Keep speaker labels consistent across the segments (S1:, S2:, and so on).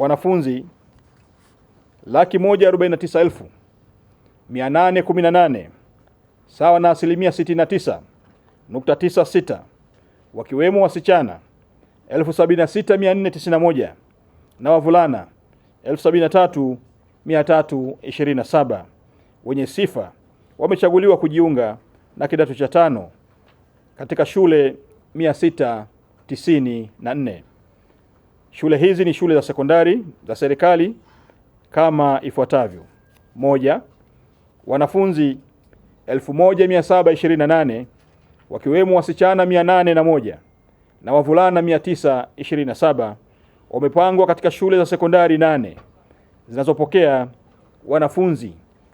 S1: wanafunzi laki moja arobaini na tisa elfu mia nane kumi na nane sawa na asilimia sitini na tisa nukta tisa sita wakiwemo wasichana elfu sabini na sita mia nne tisini na moja na wavulana elfu sabini na tatu mia tatu ishirini na saba wenye sifa wamechaguliwa kujiunga na kidato cha tano katika shule mia sita tisini na nne. Shule hizi ni shule za sekondari za serikali kama ifuatavyo: moja, wanafunzi 1728 wakiwemo wasichana 801 na wavulana 927 wamepangwa katika shule za sekondari nane zinazopokea wanafunzi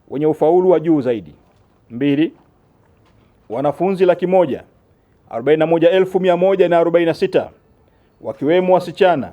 S1: wenye ufaulu wa juu zaidi. Mbili, wanafunzi laki moja 41146 wakiwemo wasichana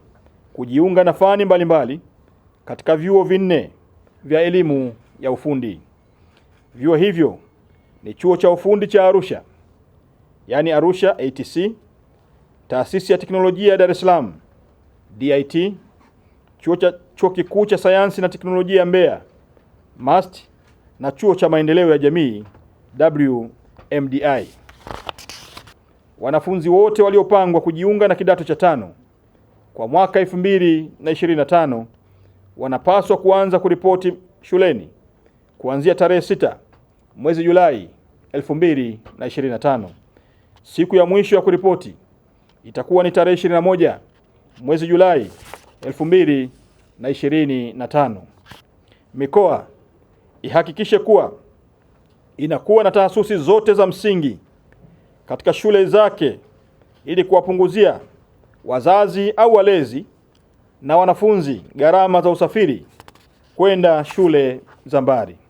S1: kujiunga na fani mbalimbali mbali katika vyuo vinne vya elimu ya ufundi. Vyuo hivyo ni chuo cha ufundi cha Arusha, yaani Arusha ATC, taasisi ya teknolojia ya Dar es Salaam DIT, chuo cha chuo kikuu cha sayansi na teknolojia ya Mbeya MAST na chuo cha maendeleo ya jamii WMDI. Wanafunzi wote waliopangwa kujiunga na kidato cha tano kwa mwaka 2025 wanapaswa kuanza kuripoti shuleni kuanzia tarehe 6 mwezi Julai 2025. Siku ya mwisho ya kuripoti itakuwa ni tarehe 21 mwezi Julai 2025. Mikoa ihakikishe kuwa inakuwa na tahasusi zote za msingi katika shule zake ili kuwapunguzia wazazi au walezi na wanafunzi gharama za usafiri kwenda shule za mbali.